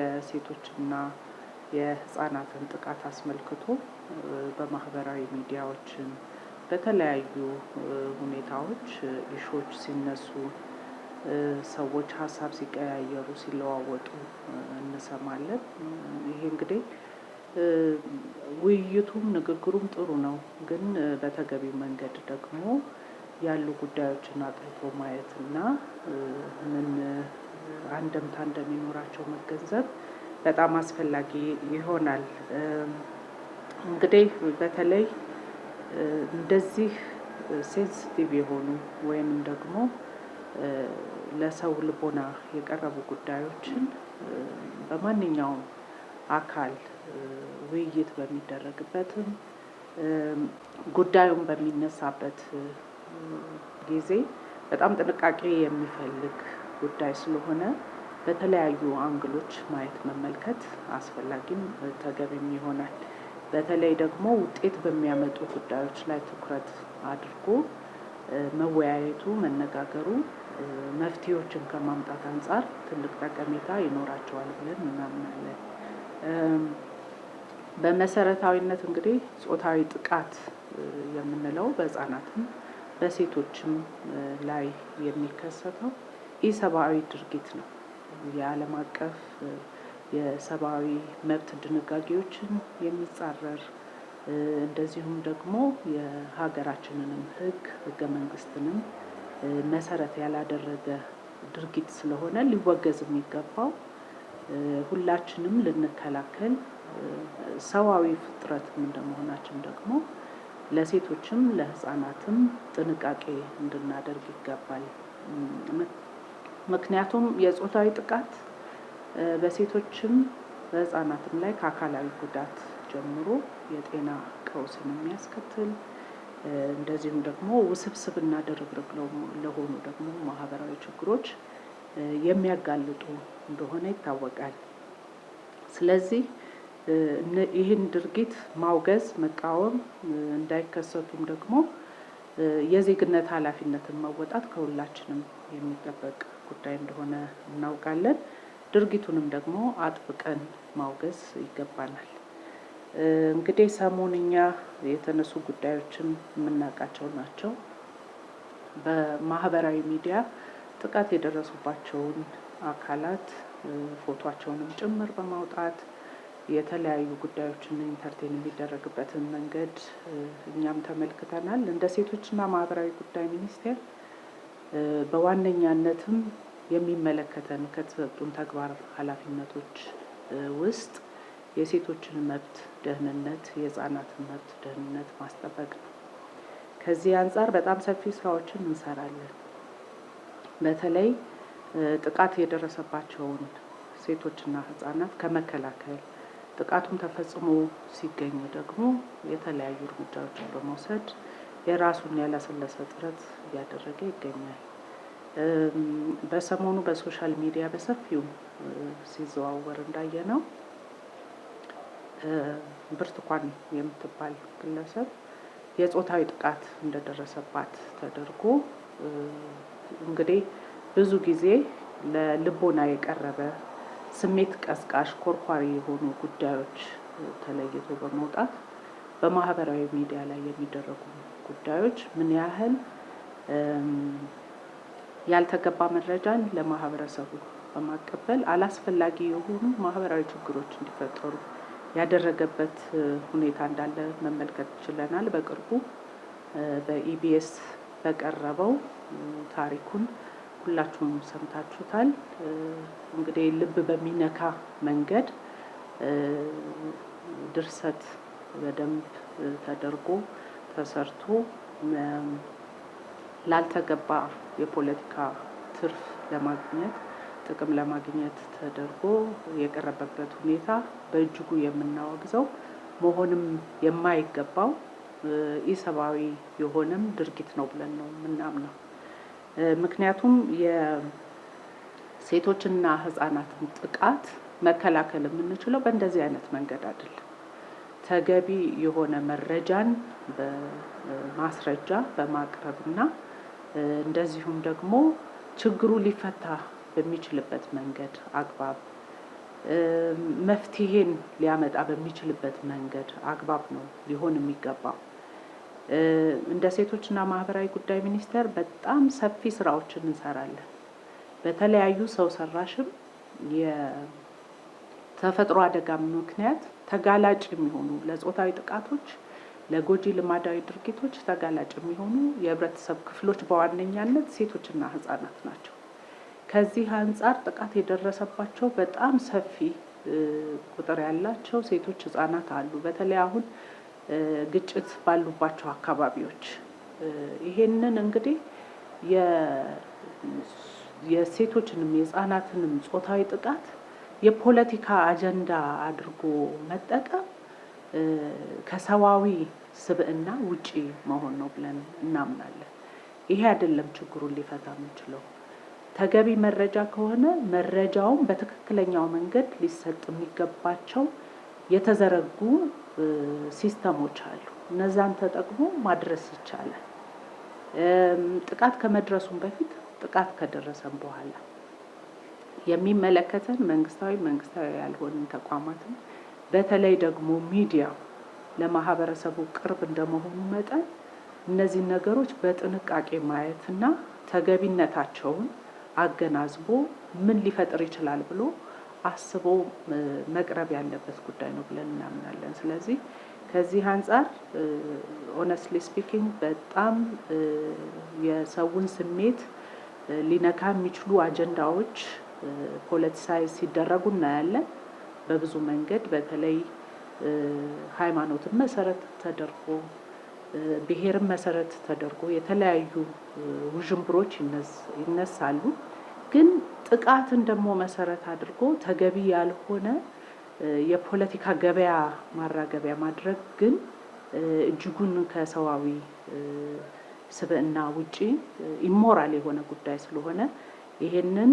የሴቶችና የህፃናትን ጥቃት አስመልክቶ በማህበራዊ ሚዲያዎችን በተለያዩ ሁኔታዎች ኢሾች ሲነሱ ሰዎች ሀሳብ ሲቀያየሩ ሲለዋወጡ እንሰማለን። ይሄ እንግዲህ ውይይቱም ንግግሩም ጥሩ ነው፣ ግን በተገቢው መንገድ ደግሞ ያሉ ጉዳዮችን አጥርቶ ማየትና ምን አንደምታ እንደሚኖራቸው መገንዘብ በጣም አስፈላጊ ይሆናል። እንግዲህ በተለይ እንደዚህ ሴንስቲቭ የሆኑ ወይም ደግሞ ለሰው ልቦና የቀረቡ ጉዳዮችን በማንኛውም አካል ውይይት በሚደረግበትም ጉዳዩን በሚነሳበት ጊዜ በጣም ጥንቃቄ የሚፈልግ ጉዳይ ስለሆነ በተለያዩ አንግሎች ማየት መመልከት አስፈላጊም ተገቢም ይሆናል። በተለይ ደግሞ ውጤት በሚያመጡ ጉዳዮች ላይ ትኩረት አድርጎ መወያየቱ፣ መነጋገሩ መፍትሄዎችን ከማምጣት አንጻር ትልቅ ጠቀሜታ ይኖራቸዋል ብለን እናምናለን። በመሰረታዊነት እንግዲህ ጾታዊ ጥቃት የምንለው በህፃናትም በሴቶችም ላይ የሚከሰተው ኢሰብአዊ ድርጊት ነው። የዓለም አቀፍ የሰብአዊ መብት ድንጋጌዎችን የሚጻረር እንደዚሁም ደግሞ የሀገራችንንም ሕግ ሕገ መንግስትንም መሰረት ያላደረገ ድርጊት ስለሆነ ሊወገዝ የሚገባው ሁላችንም ልንከላከል ሰዋዊ ፍጥረትም እንደመሆናችን ደግሞ ለሴቶችም ለህፃናትም ጥንቃቄ እንድናደርግ ይገባል። ምክንያቱም የጾታዊ ጥቃት በሴቶችም በህፃናትም ላይ ከአካላዊ ጉዳት ጀምሮ የጤና ቀውስን የሚያስከትል እንደዚሁም ደግሞ ውስብስብና ድርብርብ ለሆኑ ደግሞ ማህበራዊ ችግሮች የሚያጋልጡ እንደሆነ ይታወቃል። ስለዚህ ይህን ድርጊት ማውገዝ፣ መቃወም እንዳይከሰቱም ደግሞ የዜግነት ኃላፊነትን መወጣት ከሁላችንም የሚጠበቅ ጉዳይ እንደሆነ እናውቃለን። ድርጊቱንም ደግሞ አጥብቀን ማውገዝ ይገባናል። እንግዲህ ሰሞንኛ የተነሱ ጉዳዮችም የምናውቃቸው ናቸው። በማህበራዊ ሚዲያ ጥቃት የደረሱባቸውን አካላት ፎቷቸውንም ጭምር በማውጣት የተለያዩ ጉዳዮችን ኢንተርቴን የሚደረግበትን መንገድ እኛም ተመልክተናል። እንደ ሴቶችና ማህበራዊ ጉዳይ ሚኒስቴር በዋነኛነትም የሚመለከተን ከተሰጡን ተግባር ኃላፊነቶች ውስጥ የሴቶችን መብት ደህንነት፣ የህፃናትን መብት ደህንነት ማስጠበቅ ነው። ከዚህ አንጻር በጣም ሰፊ ስራዎችን እንሰራለን። በተለይ ጥቃት የደረሰባቸውን ሴቶችና ህጻናት ከመከላከል ጥቃቱም ተፈጽሞ ሲገኝ ደግሞ የተለያዩ እርምጃዎችን በመውሰድ የራሱን ያላሰለሰ ጥረት እያደረገ ይገኛል። በሰሞኑ በሶሻል ሚዲያ በሰፊው ሲዘዋወር እንዳየ ነው ብርቱካን የምትባል ግለሰብ የጾታዊ ጥቃት እንደደረሰባት ተደርጎ እንግዲህ ብዙ ጊዜ ለልቦና የቀረበ ስሜት ቀስቃሽ ኮርኳሪ የሆኑ ጉዳዮች ተለይቶ በመውጣት በማህበራዊ ሚዲያ ላይ የሚደረጉ ጉዳዮች ምን ያህል ያልተገባ መረጃን ለማህበረሰቡ በማቀበል አላስፈላጊ የሆኑ ማህበራዊ ችግሮች እንዲፈጠሩ ያደረገበት ሁኔታ እንዳለ መመልከት ችለናል። በቅርቡ በኢቢኤስ በቀረበው ታሪኩን ሁላችሁም ሰምታችሁታል። እንግዲህ ልብ በሚነካ መንገድ ድርሰት በደንብ ተደርጎ ተሰርቶ ላልተገባ የፖለቲካ ትርፍ ለማግኘት ጥቅም ለማግኘት ተደርጎ የቀረበበት ሁኔታ በእጅጉ የምናወግዘው መሆንም የማይገባው ኢሰብአዊ የሆነም ድርጊት ነው ብለን ነው የምናምነው። ምክንያቱም የሴቶችና ሕጻናትን ጥቃት መከላከል የምንችለው በእንደዚህ አይነት መንገድ አይደለም። ተገቢ የሆነ መረጃን በማስረጃ በማቅረብና እንደዚሁም ደግሞ ችግሩ ሊፈታ በሚችልበት መንገድ አግባብ መፍትሄን ሊያመጣ በሚችልበት መንገድ አግባብ ነው ሊሆን የሚገባው። እንደ ሴቶችና ማህበራዊ ጉዳይ ሚኒስቴር በጣም ሰፊ ስራዎችን እንሰራለን። በተለያዩ ሰው ሰራሽም ተፈጥሮ አደጋ ምክንያት ተጋላጭ የሚሆኑ ለጾታዊ ጥቃቶች፣ ለጎጂ ልማዳዊ ድርጊቶች ተጋላጭ የሚሆኑ የህብረተሰብ ክፍሎች በዋነኛነት ሴቶችና ህጻናት ናቸው። ከዚህ አንጻር ጥቃት የደረሰባቸው በጣም ሰፊ ቁጥር ያላቸው ሴቶች፣ ህጻናት አሉ። በተለይ አሁን ግጭት ባሉባቸው አካባቢዎች ይሄንን እንግዲህ የሴቶችንም የህጻናትንም ጾታዊ ጥቃት የፖለቲካ አጀንዳ አድርጎ መጠቀም ከሰዋዊ ስብዕና ውጪ መሆን ነው ብለን እናምናለን። ይሄ አይደለም ችግሩን ሊፈታ የምንችለው። ተገቢ መረጃ ከሆነ መረጃውም በትክክለኛው መንገድ ሊሰጥ የሚገባቸው የተዘረጉ ሲስተሞች አሉ። እነዛን ተጠቅሞ ማድረስ ይቻላል። ጥቃት ከመድረሱም በፊት ጥቃት ከደረሰም በኋላ የሚመለከተን መንግስታዊ፣ መንግስታዊ ያልሆንን ተቋማትም በተለይ ደግሞ ሚዲያ ለማህበረሰቡ ቅርብ እንደመሆኑ መጠን እነዚህን ነገሮች በጥንቃቄ ማየትና ተገቢነታቸውን አገናዝቦ ምን ሊፈጥር ይችላል ብሎ አስቦ መቅረብ ያለበት ጉዳይ ነው ብለን እናምናለን። ስለዚህ ከዚህ አንጻር ኦነስትሊ ስፒኪንግ በጣም የሰውን ስሜት ሊነካ የሚችሉ አጀንዳዎች ፖለቲሳይዝ ሲደረጉ እናያለን። በብዙ መንገድ በተለይ ሃይማኖትን መሰረት ተደርጎ ብሔርን መሰረት ተደርጎ የተለያዩ ውዥንብሮች ይነሳሉ። ግን ጥቃትን ደግሞ መሰረት አድርጎ ተገቢ ያልሆነ የፖለቲካ ገበያ ማራገቢያ ማድረግ ግን እጅጉን ከሰዋዊ ስብዕና ውጪ ኢሞራል የሆነ ጉዳይ ስለሆነ ይሄንን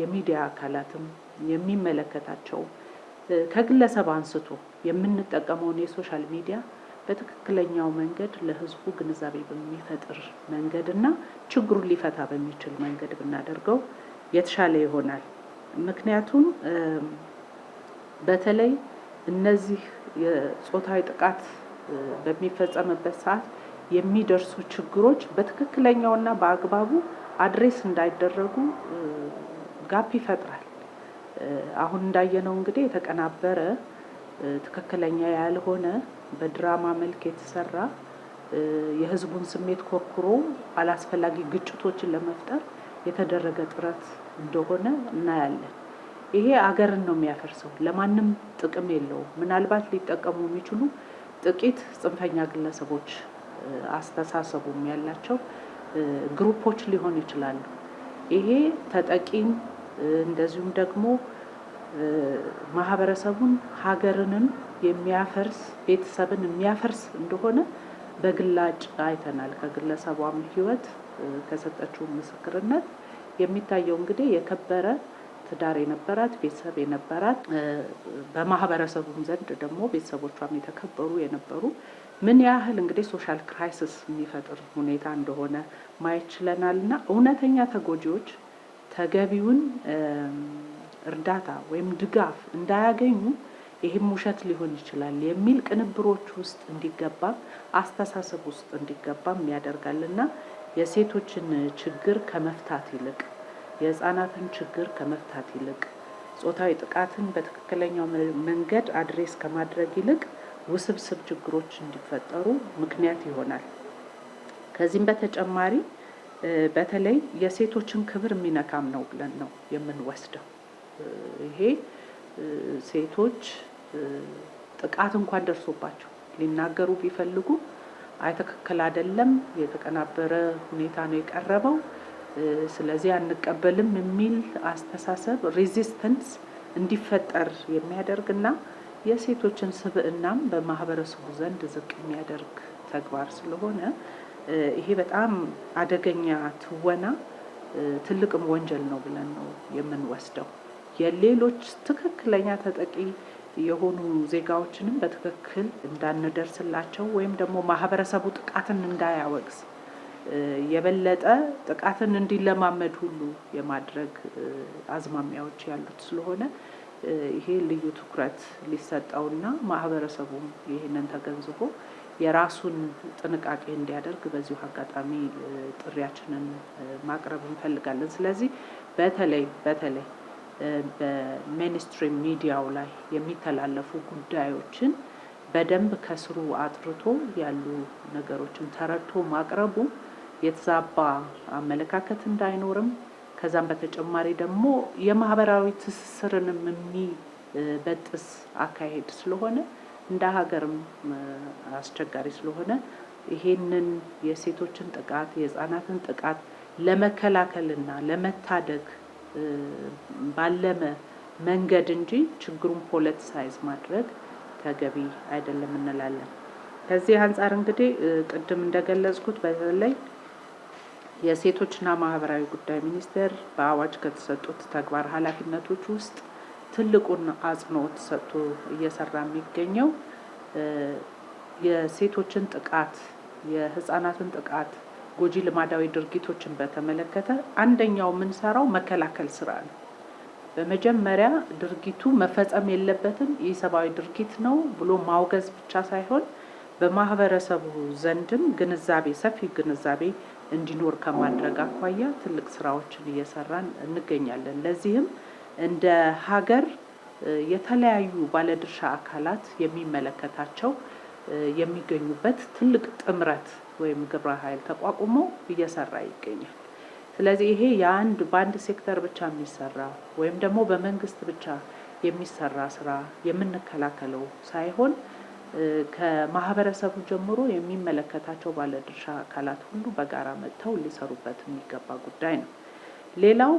የሚዲያ አካላትም የሚመለከታቸው ከግለሰብ አንስቶ የምንጠቀመውን የሶሻል ሚዲያ በትክክለኛው መንገድ ለህዝቡ ግንዛቤ በሚፈጥር መንገድ እና ችግሩን ሊፈታ በሚችል መንገድ ብናደርገው የተሻለ ይሆናል። ምክንያቱም በተለይ እነዚህ የጾታዊ ጥቃት በሚፈጸምበት ሰዓት የሚደርሱ ችግሮች በትክክለኛውና በአግባቡ አድሬስ እንዳይደረጉ ጋፕ ይፈጥራል። አሁን እንዳየነው እንግዲህ የተቀናበረ ትክክለኛ ያልሆነ በድራማ መልክ የተሰራ የህዝቡን ስሜት ኮርኩሮ አላስፈላጊ ግጭቶችን ለመፍጠር የተደረገ ጥረት እንደሆነ እናያለን። ይሄ አገርን ነው የሚያፈርሰው፣ ለማንም ጥቅም የለውም። ምናልባት ሊጠቀሙ የሚችሉ ጥቂት ጽንፈኛ ግለሰቦች አስተሳሰቡም ያላቸው ግሩፖች ሊሆን ይችላሉ። ይሄ ተጠቂም እንደዚሁም ደግሞ ማህበረሰቡን ሀገርንም የሚያፈርስ ቤተሰብን የሚያፈርስ እንደሆነ በግላጭ አይተናል። ከግለሰቧም ህይወት ከሰጠችው ምስክርነት የሚታየው እንግዲህ የከበረ ትዳር የነበራት ቤተሰብ የነበራት በማህበረሰቡም ዘንድ ደግሞ ቤተሰቦቿም የተከበሩ የነበሩ ምን ያህል እንግዲህ ሶሻል ክራይሲስ የሚፈጥር ሁኔታ እንደሆነ ማየት ችለናል። እና እውነተኛ ተጎጂዎች ተገቢውን እርዳታ ወይም ድጋፍ እንዳያገኙ ይህም ውሸት ሊሆን ይችላል የሚል ቅንብሮች ውስጥ እንዲገባም አስተሳሰብ ውስጥ እንዲገባም ያደርጋል እና የሴቶችን ችግር ከመፍታት ይልቅ የህፃናትን ችግር ከመፍታት ይልቅ ጾታዊ ጥቃትን በትክክለኛው መንገድ አድሬስ ከማድረግ ይልቅ ውስብስብ ችግሮች እንዲፈጠሩ ምክንያት ይሆናል። ከዚህም በተጨማሪ በተለይ የሴቶችን ክብር የሚነካም ነው ብለን ነው የምንወስደው። ይሄ ሴቶች ጥቃት እንኳን ደርሶባቸው ሊናገሩ ቢፈልጉ አይ ትክክል አይደለም፣ የተቀናበረ ሁኔታ ነው የቀረበው ስለዚህ አንቀበልም የሚል አስተሳሰብ ሬዚስተንስ እንዲፈጠር የሚያደርግና የሴቶችን ስብዕናም በማህበረሰቡ ዘንድ ዝቅ የሚያደርግ ተግባር ስለሆነ ይሄ በጣም አደገኛ ትወና ትልቅም ወንጀል ነው ብለን ነው የምንወስደው። የሌሎች ትክክለኛ ተጠቂ የሆኑ ዜጋዎችንም በትክክል እንዳንደርስላቸው ወይም ደግሞ ማህበረሰቡ ጥቃትን እንዳያወግዝ የበለጠ ጥቃትን እንዲለማመድ ሁሉ የማድረግ አዝማሚያዎች ያሉት ስለሆነ ይሄ ልዩ ትኩረት ሊሰጠውና ማህበረሰቡም ይህንን ተገንዝቦ የራሱን ጥንቃቄ እንዲያደርግ በዚሁ አጋጣሚ ጥሪያችንን ማቅረብ እንፈልጋለን። ስለዚህ በተለይ በተለይ በሜንስትሪም ሚዲያው ላይ የሚተላለፉ ጉዳዮችን በደንብ ከስሩ አጥርቶ ያሉ ነገሮችን ተረድቶ ማቅረቡ የተዛባ አመለካከት እንዳይኖርም ከዛም በተጨማሪ ደግሞ የማህበራዊ ትስስርንም የሚበጥስ አካሄድ ስለሆነ እንደ ሀገርም አስቸጋሪ ስለሆነ ይሄንን የሴቶችን ጥቃት የህፃናትን ጥቃት ለመከላከልና ለመታደግ ባለመ መንገድ እንጂ ችግሩን ፖለቲሳይዝ ማድረግ ተገቢ አይደለም እንላለን። ከዚህ አንጻር እንግዲህ ቅድም እንደገለጽኩት በተለይ የሴቶችና ማህበራዊ ጉዳይ ሚኒስቴር በአዋጅ ከተሰጡት ተግባር ኃላፊነቶች ውስጥ ትልቁን አጽንኦት ሰጥቶ እየሰራ የሚገኘው የሴቶችን ጥቃት፣ የህፃናትን ጥቃት፣ ጎጂ ልማዳዊ ድርጊቶችን በተመለከተ አንደኛው የምንሰራው መከላከል ስራ ነው። በመጀመሪያ ድርጊቱ መፈጸም የለበትም የሰብአዊ ድርጊት ነው ብሎ ማውገዝ ብቻ ሳይሆን በማህበረሰቡ ዘንድም ግንዛቤ ሰፊ ግንዛቤ እንዲኖር ከማድረግ አኳያ ትልቅ ስራዎችን እየሰራን እንገኛለን። ለዚህም እንደ ሀገር የተለያዩ ባለድርሻ አካላት የሚመለከታቸው የሚገኙበት ትልቅ ጥምረት ወይም ግብረ ኃይል ተቋቁሞ እየሰራ ይገኛል። ስለዚህ ይሄ የአንድ በአንድ ሴክተር ብቻ የሚሰራ ወይም ደግሞ በመንግስት ብቻ የሚሰራ ስራ የምንከላከለው ሳይሆን ከማህበረሰቡ ጀምሮ የሚመለከታቸው ባለድርሻ አካላት ሁሉ በጋራ መጥተው ሊሰሩበት የሚገባ ጉዳይ ነው። ሌላው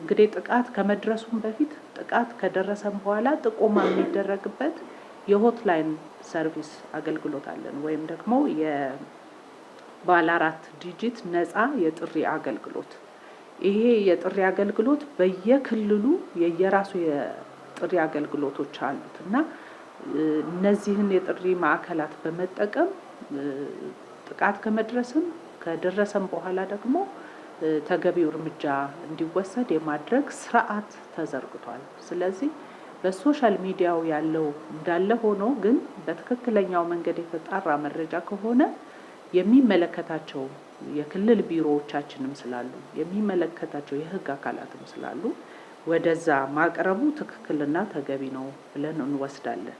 እንግዲህ ጥቃት ከመድረሱም በፊት ጥቃት ከደረሰም በኋላ ጥቆማ የሚደረግበት የሆትላይን ሰርቪስ አገልግሎት አለን ወይም ደግሞ የባለ አራት ዲጂት ነፃ የጥሪ አገልግሎት። ይሄ የጥሪ አገልግሎት በየክልሉ የየራሱ የጥሪ አገልግሎቶች አሉት እና እነዚህን የጥሪ ማዕከላት በመጠቀም ጥቃት ከመድረስም ከደረሰም በኋላ ደግሞ ተገቢው እርምጃ እንዲወሰድ የማድረግ ስርዓት ተዘርግቷል። ስለዚህ በሶሻል ሚዲያው ያለው እንዳለ ሆኖ ግን በትክክለኛው መንገድ የተጣራ መረጃ ከሆነ የሚመለከታቸው የክልል ቢሮዎቻችንም ስላሉ የሚመለከታቸው የሕግ አካላትም ስላሉ ወደዛ ማቅረቡ ትክክልና ተገቢ ነው ብለን እንወስዳለን።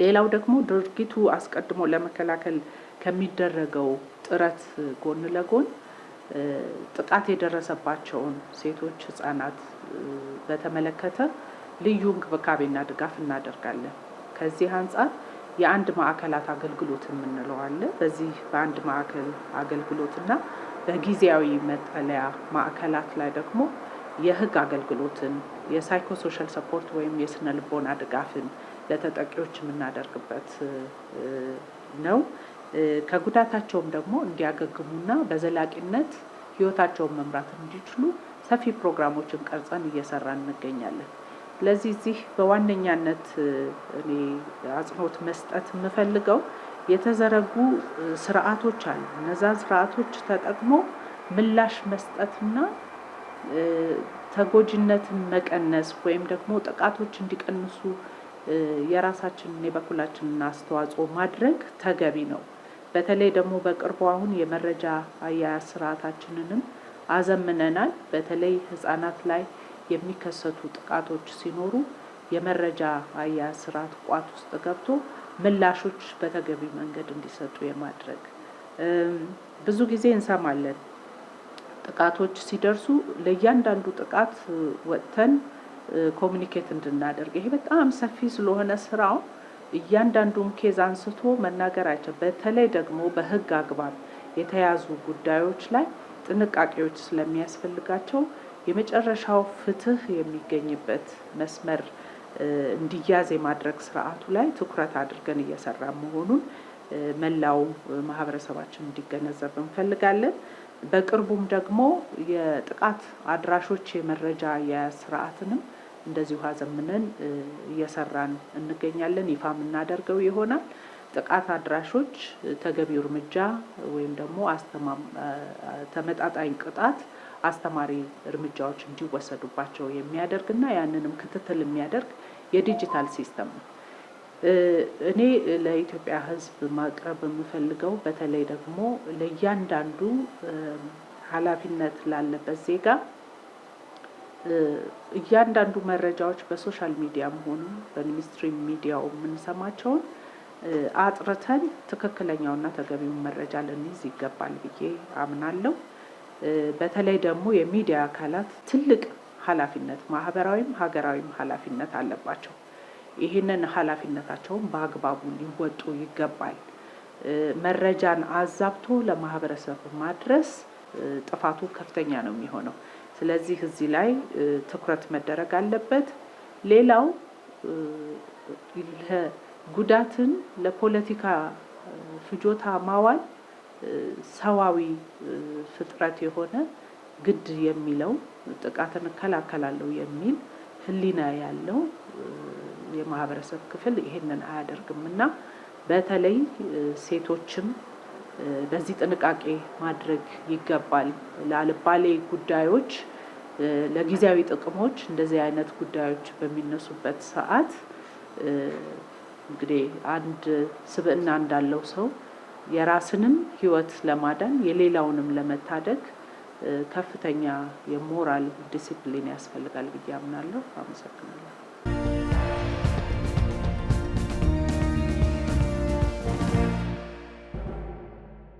ሌላው ደግሞ ድርጊቱ አስቀድሞ ለመከላከል ከሚደረገው ጥረት ጎን ለጎን ጥቃት የደረሰባቸውን ሴቶች፣ ህጻናት በተመለከተ ልዩ እንክብካቤና ድጋፍ እናደርጋለን። ከዚህ አንጻር የአንድ ማዕከላት አገልግሎት የምንለው አለ። በዚህ በአንድ ማዕከል አገልግሎትና በጊዜያዊ መጠለያ ማዕከላት ላይ ደግሞ የህግ አገልግሎትን፣ የሳይኮሶሻል ሰፖርት ወይም የስነ ልቦና ድጋፍን ለተጠቂዎች የምናደርግበት ነው። ከጉዳታቸውም ደግሞ እንዲያገግሙና በዘላቂነት ህይወታቸውን መምራት እንዲችሉ ሰፊ ፕሮግራሞችን ቀርጸን እየሰራ እንገኛለን። ስለዚህ እዚህ በዋነኛነት እኔ አጽንኦት መስጠት የምፈልገው የተዘረጉ ስርዓቶች አሉ። እነዛ ስርዓቶች ተጠቅሞ ምላሽ መስጠትና ተጎጂነትን መቀነስ ወይም ደግሞ ጥቃቶች እንዲቀንሱ የራሳችንን የበኩላችንን አስተዋጽኦ ማድረግ ተገቢ ነው። በተለይ ደግሞ በቅርቡ አሁን የመረጃ አያያዝ ስርዓታችንንም አዘምነናል። በተለይ ህጻናት ላይ የሚከሰቱ ጥቃቶች ሲኖሩ የመረጃ አያያዝ ስርዓት ቋት ውስጥ ገብቶ ምላሾች በተገቢ መንገድ እንዲሰጡ የማድረግ ብዙ ጊዜ እንሰማለን። ጥቃቶች ሲደርሱ ለእያንዳንዱ ጥቃት ወጥተን ኮሚኒኬት እንድናደርግ ይሄ በጣም ሰፊ ስለሆነ ስራው እያንዳንዱን ኬዝ አንስቶ መናገር በተለይ ደግሞ በህግ አግባብ የተያዙ ጉዳዮች ላይ ጥንቃቄዎች ስለሚያስፈልጋቸው የመጨረሻው ፍትህ የሚገኝበት መስመር እንዲያዝ የማድረግ ስርዓቱ ላይ ትኩረት አድርገን እየሰራ መሆኑን መላው ማህበረሰባችን እንዲገነዘብ እንፈልጋለን። በቅርቡም ደግሞ የጥቃት አድራሾች የመረጃ የስርዓትንም እንደዚህ ውሃ ዘምነን እየሰራን እንገኛለን። ይፋ የምናደርገው ይሆናል። ጥቃት አድራሾች ተገቢው እርምጃ ወይም ደግሞ ተመጣጣኝ ቅጣት፣ አስተማሪ እርምጃዎች እንዲወሰዱባቸው የሚያደርግ እና ያንንም ክትትል የሚያደርግ የዲጂታል ሲስተም ነው። እኔ ለኢትዮጵያ ሕዝብ ማቅረብ የምፈልገው በተለይ ደግሞ ለእያንዳንዱ ኃላፊነት ላለበት ዜጋ እያንዳንዱ መረጃዎች በሶሻል ሚዲያም ሆኑ በሚኒስትሪ ሚዲያው የምንሰማቸውን አጥርተን ትክክለኛውና ተገቢውን መረጃ ልንይዝ ይገባል ብዬ አምናለሁ። በተለይ ደግሞ የሚዲያ አካላት ትልቅ ኃላፊነት ማህበራዊም ሀገራዊም ኃላፊነት አለባቸው። ይህንን ኃላፊነታቸውን በአግባቡ ሊወጡ ይገባል። መረጃን አዛብቶ ለማህበረሰብ ማድረስ ጥፋቱ ከፍተኛ ነው የሚሆነው። ስለዚህ እዚህ ላይ ትኩረት መደረግ አለበት። ሌላው ጉዳትን ለፖለቲካ ፍጆታ ማዋል ሰዋዊ ፍጥረት የሆነ ግድ የሚለው ጥቃትን እከላከላለሁ የሚል ህሊና ያለው የማህበረሰብ ክፍል ይሄንን አያደርግም እና በተለይ ሴቶችም በዚህ ጥንቃቄ ማድረግ ይገባል። ለአልባሌ ጉዳዮች፣ ለጊዜያዊ ጥቅሞች እንደዚህ አይነት ጉዳዮች በሚነሱበት ሰዓት እንግዲህ አንድ ስብዕና እንዳለው ሰው የራስንም ሕይወት ለማዳን የሌላውንም ለመታደግ ከፍተኛ የሞራል ዲሲፕሊን ያስፈልጋል ብዬ አምናለሁ። አመሰግናለሁ።